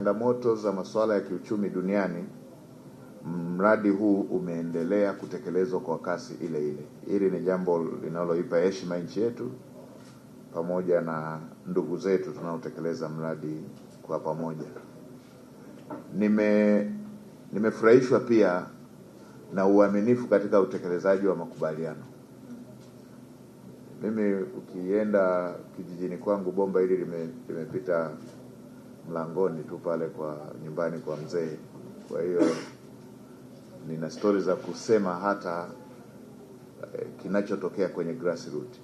changamoto za masuala ya kiuchumi duniani, mradi huu umeendelea kutekelezwa kwa kasi ile ile. Hili ni jambo linaloipa heshima nchi yetu pamoja na ndugu zetu tunaotekeleza mradi kwa pamoja. Nime nimefurahishwa pia na uaminifu katika utekelezaji wa makubaliano. Mimi ukienda kijijini kwangu, bomba hili limepita lime mlangoni tu pale kwa nyumbani kwa mzee. Kwa hiyo nina stori za kusema hata eh, kinachotokea kwenye grassroots.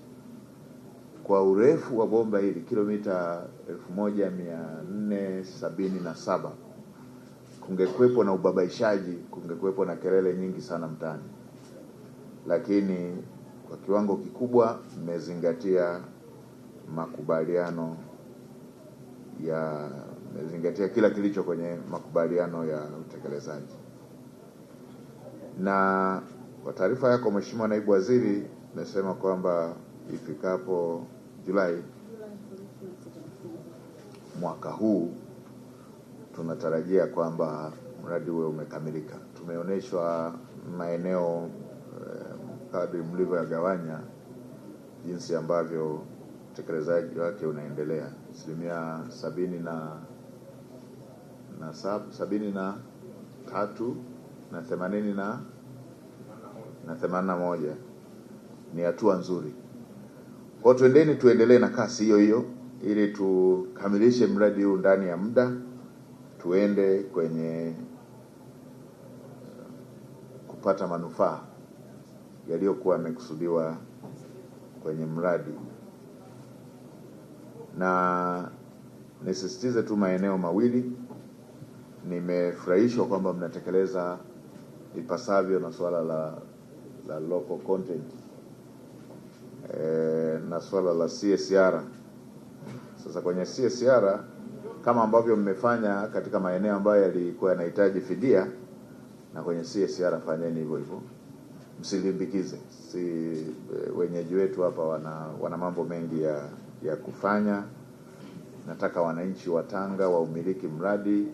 Kwa urefu wa bomba hili kilomita elfu moja mia nne sabini na saba kungekuwepo na ubabaishaji, kungekuwepo na kelele nyingi sana mtaani, lakini kwa kiwango kikubwa mmezingatia makubaliano ya imezingatia kila kilicho kwenye makubaliano ya utekelezaji. Na kwa taarifa yako, Mheshimiwa Naibu Waziri, imesema kwamba ifikapo Julai mwaka huu tunatarajia kwamba mradi huo umekamilika. Tumeonyeshwa maeneo eh, kadri mlivyoyagawanya jinsi ambavyo utekelezaji wake unaendelea asilimia sabini na na sab, sabini na tatu na themanini na na themanini na moja ni hatua nzuri. Kwa twendeni tuendelee na kasi hiyo hiyo ili tukamilishe mradi huu ndani ya muda, tuende kwenye uh, kupata manufaa yaliyokuwa yamekusudiwa kwenye mradi, na nisisitize tu maeneo mawili nimefurahishwa kwamba mnatekeleza ipasavyo na swala la, la local content e, na swala la CSR. Sasa kwenye CSR kama ambavyo mmefanya katika maeneo ambayo yalikuwa yanahitaji fidia, na kwenye CSR fanyeni hivyo hivyo, msilimbikize. Si eh, wenyeji wetu hapa wana, wana mambo mengi ya, ya kufanya. Nataka wananchi wa Tanga waumiliki mradi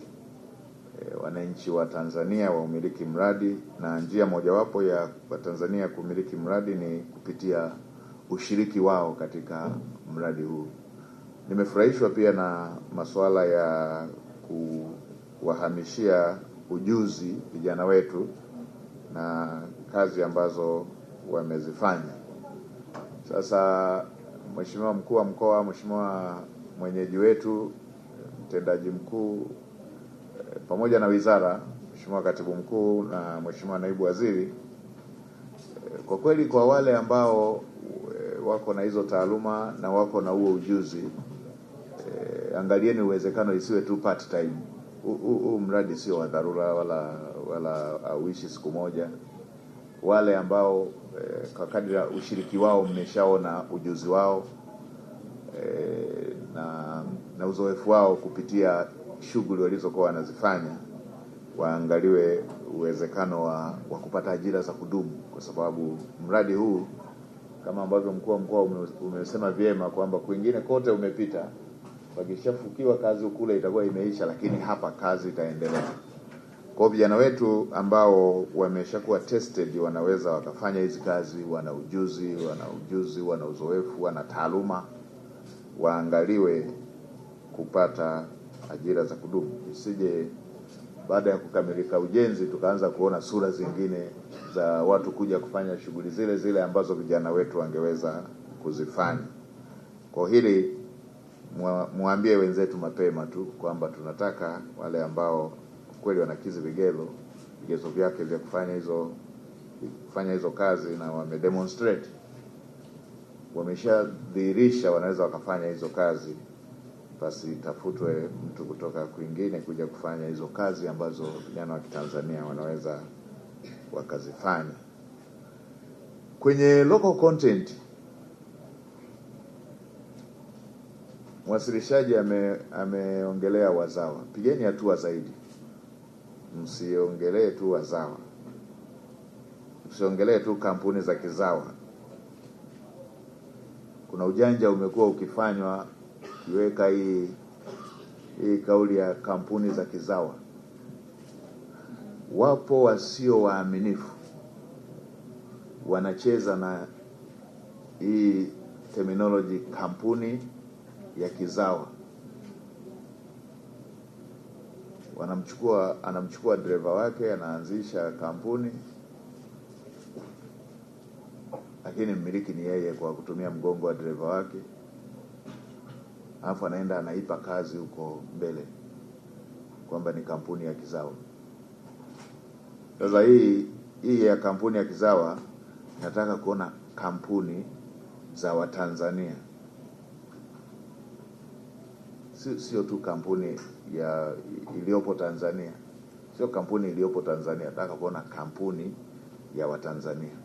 e, wananchi wa Tanzania waumiliki mradi, na njia mojawapo ya Watanzania kumiliki mradi ni kupitia ushiriki wao katika mradi huu. Nimefurahishwa pia na masuala ya kuwahamishia ujuzi vijana wetu na kazi ambazo wamezifanya. Sasa Mheshimiwa mkuu wa mkoa, Mheshimiwa mwenyeji wetu, mtendaji mkuu pamoja na wizara, Mheshimiwa Katibu Mkuu na Mheshimiwa Naibu Waziri, eh, kwa kweli kwa wale ambao eh, wako na hizo taaluma na wako na huo ujuzi eh, angalieni uwezekano isiwe tu part time. Huu mradi sio wa dharura wala wala auishi siku moja. Wale ambao eh, kwa kadri ya ushiriki wao mmeshaona ujuzi wao eh, na, na uzoefu wao kupitia shughuli walizokuwa wanazifanya waangaliwe uwezekano wa, wa kupata ajira za kudumu, kwa sababu mradi huu kama ambavyo mkuu wa mkoa umesema vyema kwamba kwingine kote umepita, wakishafukiwa kazi kule itakuwa imeisha, lakini hapa kazi itaendelea. Kwa vijana wetu ambao wameshakuwa tested wanaweza wakafanya hizi kazi, wana ujuzi, wana ujuzi, wana uzoefu, wana taaluma, waangaliwe kupata ajira za kudumu, isije baada ya kukamilika ujenzi tukaanza kuona sura zingine za watu kuja kufanya shughuli zile zile ambazo vijana wetu wangeweza kuzifanya. Kwa hili mwambie wenzetu mapema tu kwamba tunataka wale ambao kweli wanakizi vigezo vigezo vyake vya kufanya hizo kufanya hizo kazi na wamedemonstrate, wameshadhihirisha wanaweza wakafanya hizo kazi itafutwe mtu kutoka kwingine kuja kufanya hizo kazi ambazo vijana wa Kitanzania wanaweza wakazifanya. Kwenye local content mwasilishaji ame, ameongelea wazawa. Pigeni hatua zaidi, msiongelee tu wazawa, msiongelee tu kampuni za kizawa. Kuna ujanja umekuwa ukifanywa kiweka hii hii kauli ya kampuni za kizawa. Wapo wasio waaminifu wanacheza na hii terminology kampuni ya kizawa, wanamchukua anamchukua dereva wake anaanzisha kampuni, lakini mmiliki ni yeye kwa kutumia mgongo wa dereva wake alafu anaenda anaipa kazi huko mbele kwamba ni kampuni ya kizawa. Sasa hii hii ya kampuni ya kizawa, nataka kuona kampuni za Watanzania, sio tu kampuni ya iliyopo Tanzania, sio kampuni iliyopo Tanzania. Nataka kuona kampuni ya Watanzania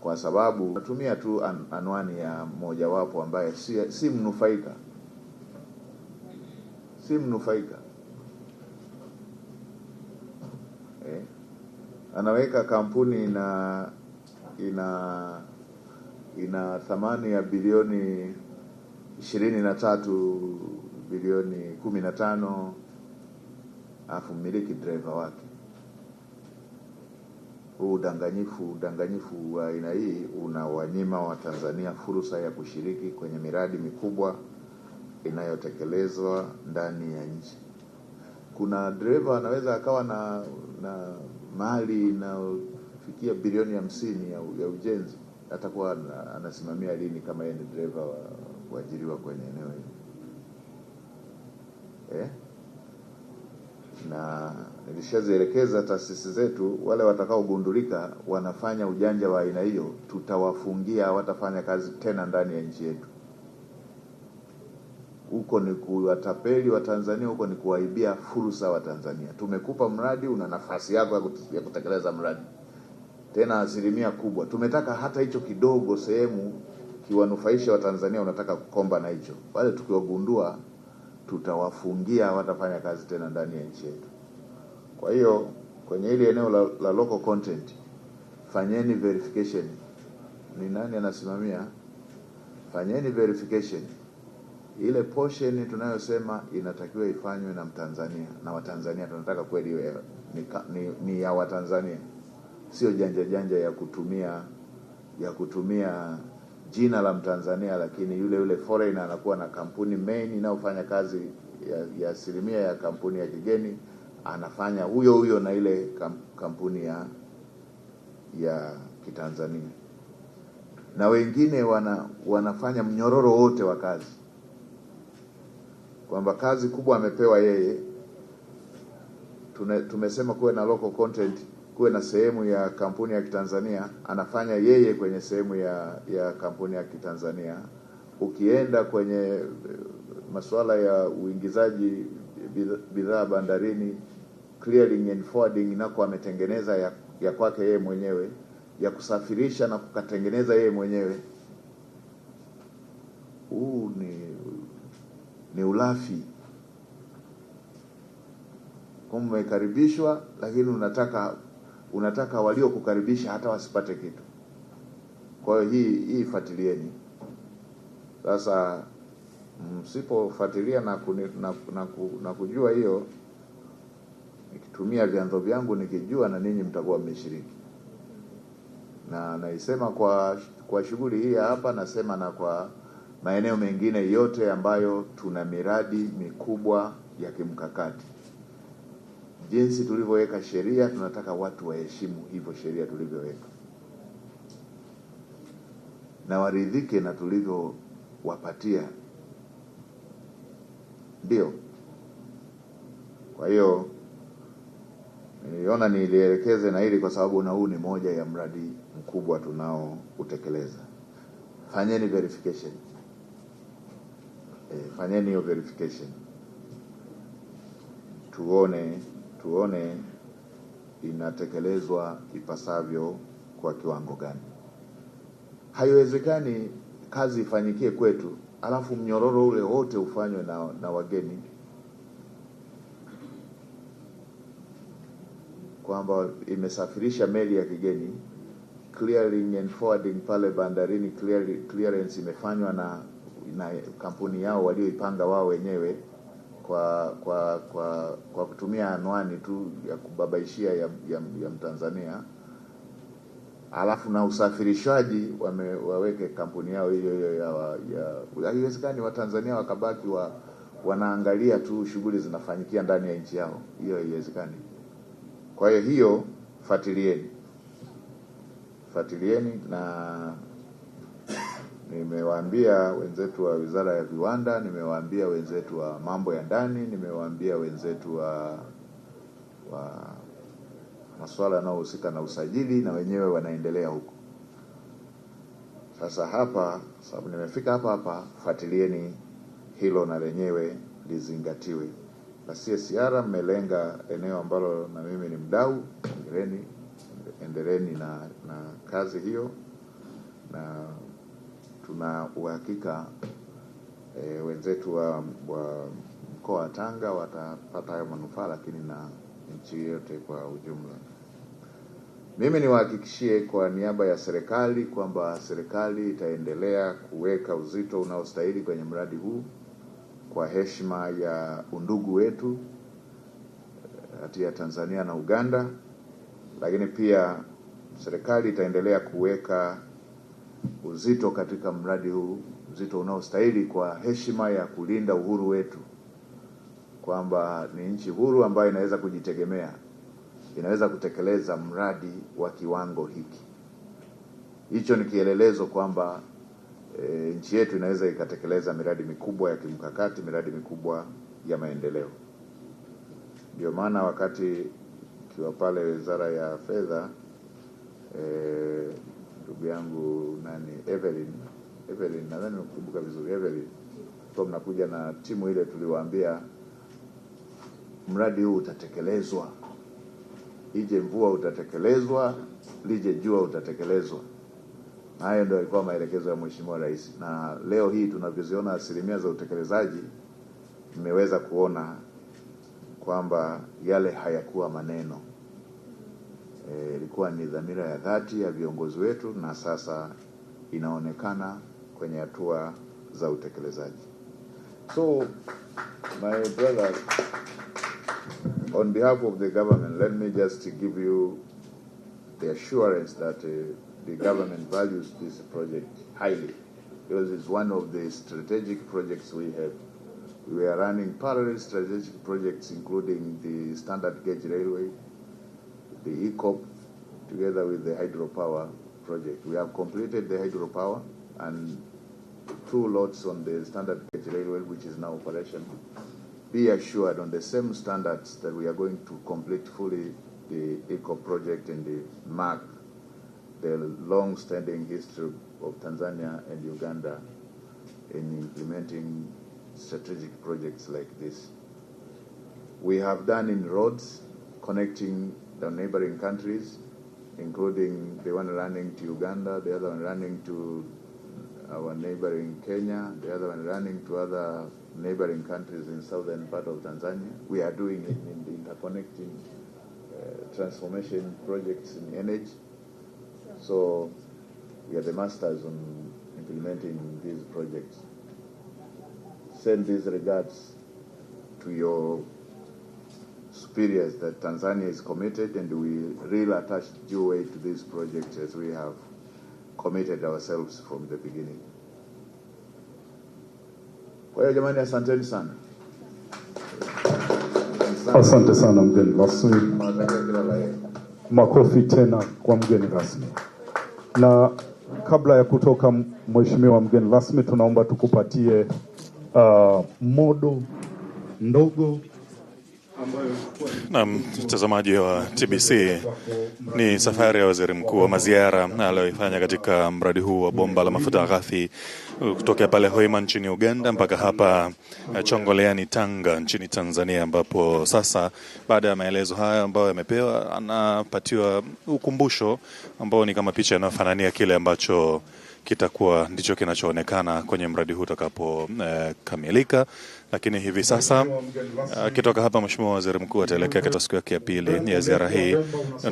kwa sababu natumia tu an, anwani ya mmojawapo ambaye si, si mnufaika si mnufaika eh, anaweka kampuni ina ina ina thamani ya bilioni ishirini na tatu bilioni kumi na tano alafu mmiliki dreva wake huu udanganyifu udanganyifu wa aina hii unawanyima Watanzania fursa ya kushiriki kwenye miradi mikubwa inayotekelezwa ndani ya nchi. Kuna dereva anaweza akawa na na mali inayofikia bilioni hamsini ya, ya ujenzi, atakuwa anasimamia lini kama yeye ni dereva wa wa kwenye eneo hili eh? na nilishazielekeza taasisi zetu, wale watakaogundulika wanafanya ujanja wa aina hiyo, tutawafungia, hawatafanya kazi tena ndani ya nchi yetu. Huko ni kuwatapeli Watanzania, huko ni kuwaibia fursa Watanzania. Tumekupa mradi, una nafasi yako ya kutekeleza mradi, tena asilimia kubwa. Tumetaka hata hicho kidogo sehemu kiwanufaisha Watanzania, unataka kukomba na hicho. Wale tukiwagundua tutawafungia, hawatafanya kazi tena ndani ya nchi yetu. Kwa hiyo kwenye hili eneo la, la local content fanyeni verification, ni nani anasimamia? Fanyeni verification ile portion tunayosema inatakiwa ifanywe na Mtanzania na Watanzania tunataka kweli iwe ni, ni, ni ya Watanzania, sio janja janja ya kutumia ya kutumia jina la Mtanzania, lakini yule yule foreigner anakuwa na kampuni main inayofanya kazi ya asilimia ya, ya kampuni ya kigeni anafanya huyo huyo na ile kampuni ya ya Kitanzania, na wengine wana, wanafanya mnyororo wote wa kazi, kwamba kazi kubwa amepewa yeye. Tumesema kuwe na local content kuwe na sehemu ya kampuni ya Kitanzania, anafanya yeye kwenye sehemu ya ya kampuni ya Kitanzania. Ukienda kwenye eh, masuala ya uingizaji bidhaa bandarini, clearing and forwarding, nako ametengeneza ya, ya kwake yeye mwenyewe ya kusafirisha na kukatengeneza yeye mwenyewe. Huu ni, ni ulafi kwa mmekaribishwa, lakini unataka unataka waliokukaribisha hata wasipate kitu. Kwa hiyo hii hii fuatilieni sasa, mm, msipofuatilia na, na, na, na kujua hiyo, nikitumia vyanzo vyangu nikijua, na ninyi mtakuwa mmeshiriki, na naisema kwa, kwa shughuli hii hapa, nasema na kwa maeneo mengine yote ambayo tuna miradi mikubwa ya kimkakati jinsi tulivyoweka sheria, tunataka watu waheshimu hivyo sheria tulivyoweka na waridhike na tulivyowapatia. Ndio, kwa hiyo niliona nilielekeze na hili kwa sababu na huu ni moja ya mradi mkubwa utekeleza. Fanyeni verification e, fanyeni hiyo verification tuone tuone inatekelezwa ipasavyo kwa kiwango gani. Haiwezekani kazi ifanyikie kwetu alafu mnyororo ule wote ufanywe na, na wageni kwamba imesafirisha meli ya kigeni clearing and forwarding pale bandarini, clear, clearance imefanywa na na kampuni yao walioipanga wao wenyewe kwa kwa kwa kwa kutumia anwani tu ya kubabaishia ya, ya, ya Mtanzania, alafu na usafirishaji wame, waweke kampuni yao hiyo hiyo ya, ya, haiwezekani Watanzania wakabaki wa, wanaangalia tu shughuli zinafanyikia ndani ya nchi yao, hiyo haiwezekani. Kwa hiyo hiyo, fuatilieni fuatilieni na Nimewaambia wenzetu wa Wizara ya Viwanda, nimewaambia wenzetu wa mambo ya ndani, nimewaambia wenzetu wa wa masuala yanayohusika na usajili, na wenyewe wanaendelea huko. Sasa hapa, sababu nimefika hapa hapa, fuatilieni hilo na lenyewe lizingatiwe. Na CSR mmelenga eneo ambalo na mimi ni mdau, endeleni endeleni na, na kazi hiyo na tuna uhakika e, wenzetu wa, wa mkoa wa Tanga watapata hayo manufaa, lakini na nchi yote kwa ujumla. Mimi niwahakikishie kwa niaba ya serikali kwamba serikali itaendelea kuweka uzito unaostahili kwenye mradi huu kwa heshima ya undugu wetu kati ya Tanzania na Uganda, lakini pia serikali itaendelea kuweka uzito katika mradi huu, uzito unaostahili kwa heshima ya kulinda uhuru wetu, kwamba ni nchi huru ambayo inaweza kujitegemea, inaweza kutekeleza mradi wa kiwango hiki. Hicho ni kielelezo kwamba e, nchi yetu inaweza ikatekeleza miradi mikubwa ya kimkakati, miradi mikubwa ya maendeleo. Ndio maana wakati ikiwa pale Wizara ya Fedha e, ndugu yangu nani Evelyn Evelyn, nadhani nakumbuka vizuri Evelyn, kwa mnakuja na timu ile, tuliwaambia mradi huu utatekelezwa, ije mvua utatekelezwa, lije jua utatekelezwa. Hayo ndio yalikuwa maelekezo ya Mheshimiwa Rais, na leo hii tunavyoziona asilimia za utekelezaji, mmeweza kuona kwamba yale hayakuwa maneno. Eh, ilikuwa e, ni dhamira ya dhati ya viongozi wetu na sasa inaonekana kwenye hatua za utekelezaji. So my brother, on behalf of the government, let me just give you the assurance that uh, the government values this project highly because it's one of the strategic projects we have. We are running parallel strategic projects including the standard gauge railway, the ECOP together with the hydropower project. We have completed the hydropower and two lots on the standard gauge railway, which is now operational. Be assured on the same standards that we are going to complete fully the ECO project and the MAC, the long-standing history of Tanzania and Uganda in implementing strategic projects like this. We have done in roads connecting the neighboring countries, including the one running to Uganda, the other one running to our neighboring Kenya, the other one running to other neighboring countries in southern part of Tanzania. We are doing it in the interconnecting uh, transformation projects in energy. So we are the masters on implementing these projects. Send these regards to your superiors that Tanzania is committed and we really attach due weight to this project as we have committed ourselves from the beginning. Kwa hiyo jamani, asanteni sana. Asante sana mgeni rasmi, makofi tena kwa mgeni rasmi. Na kabla ya kutoka mheshimiwa mgeni rasmi, tunaomba tukupatie uh, modo ndogo na mtazamaji wa TBC, ni safari ya waziri mkuu wa maziara aliyoifanya katika mradi huu wa bomba la mafuta ghafi kutokea pale Hoima nchini Uganda mpaka hapa Chongoleani, Tanga nchini Tanzania, ambapo sasa baada ya maelezo haya ambayo yamepewa, anapatiwa ukumbusho ambao ni kama picha inayofanania kile ambacho kitakuwa ndicho kinachoonekana kwenye mradi huu utakapokamilika. Eh, e, lakini hivi sasa eh, akitoka hapa, Mheshimiwa Waziri Mkuu ataelekea katika siku yake ya pili ya ziara hii,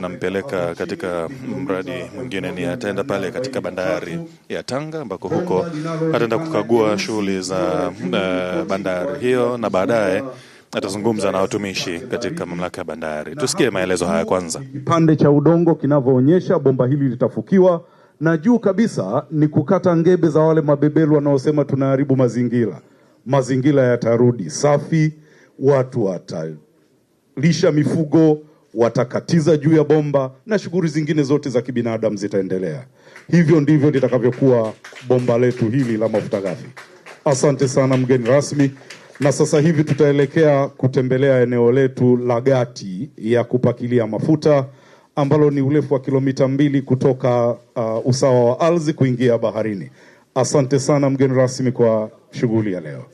nampeleka katika mradi mwingine, ni ataenda pale katika bandari ya Tanga, ambako huko ataenda kukagua shughuli za eh, bandari hiyo na baadaye atazungumza na watumishi katika mamlaka ya bandari. Tusikie maelezo haya kwanza. Kipande cha udongo kinavyoonyesha bomba hili litafukiwa na juu kabisa ni kukata ngebe za wale mabebelu wanaosema tunaharibu mazingira. Mazingira yatarudi safi, watu watalisha mifugo, watakatiza juu ya bomba na shughuli zingine zote za kibinadamu zitaendelea. Hivyo ndivyo litakavyokuwa bomba letu hili la mafuta ghafi. Asante sana mgeni rasmi, na sasa hivi tutaelekea kutembelea eneo letu la gati ya kupakilia mafuta ambalo ni urefu wa kilomita mbili kutoka uh, usawa wa ardhi kuingia baharini. Asante sana mgeni rasmi kwa shughuli ya leo.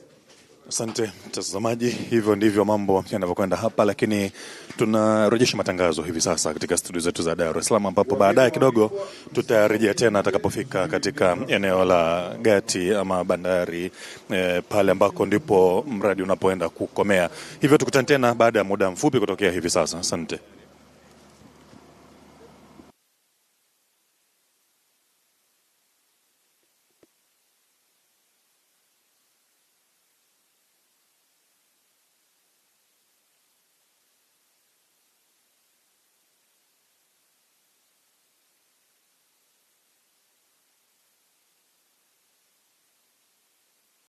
Asante mtazamaji, hivyo ndivyo mambo yanavyokwenda hapa, lakini tunarejesha matangazo hivi sasa katika studio zetu za Dar es Salaam, ambapo baadaye kidogo tutarejea tena atakapofika katika eneo la gati ama bandari e, pale ambako ndipo mradi unapoenda kukomea. Hivyo tukutane tena baada ya muda mfupi kutokea hivi sasa. Asante.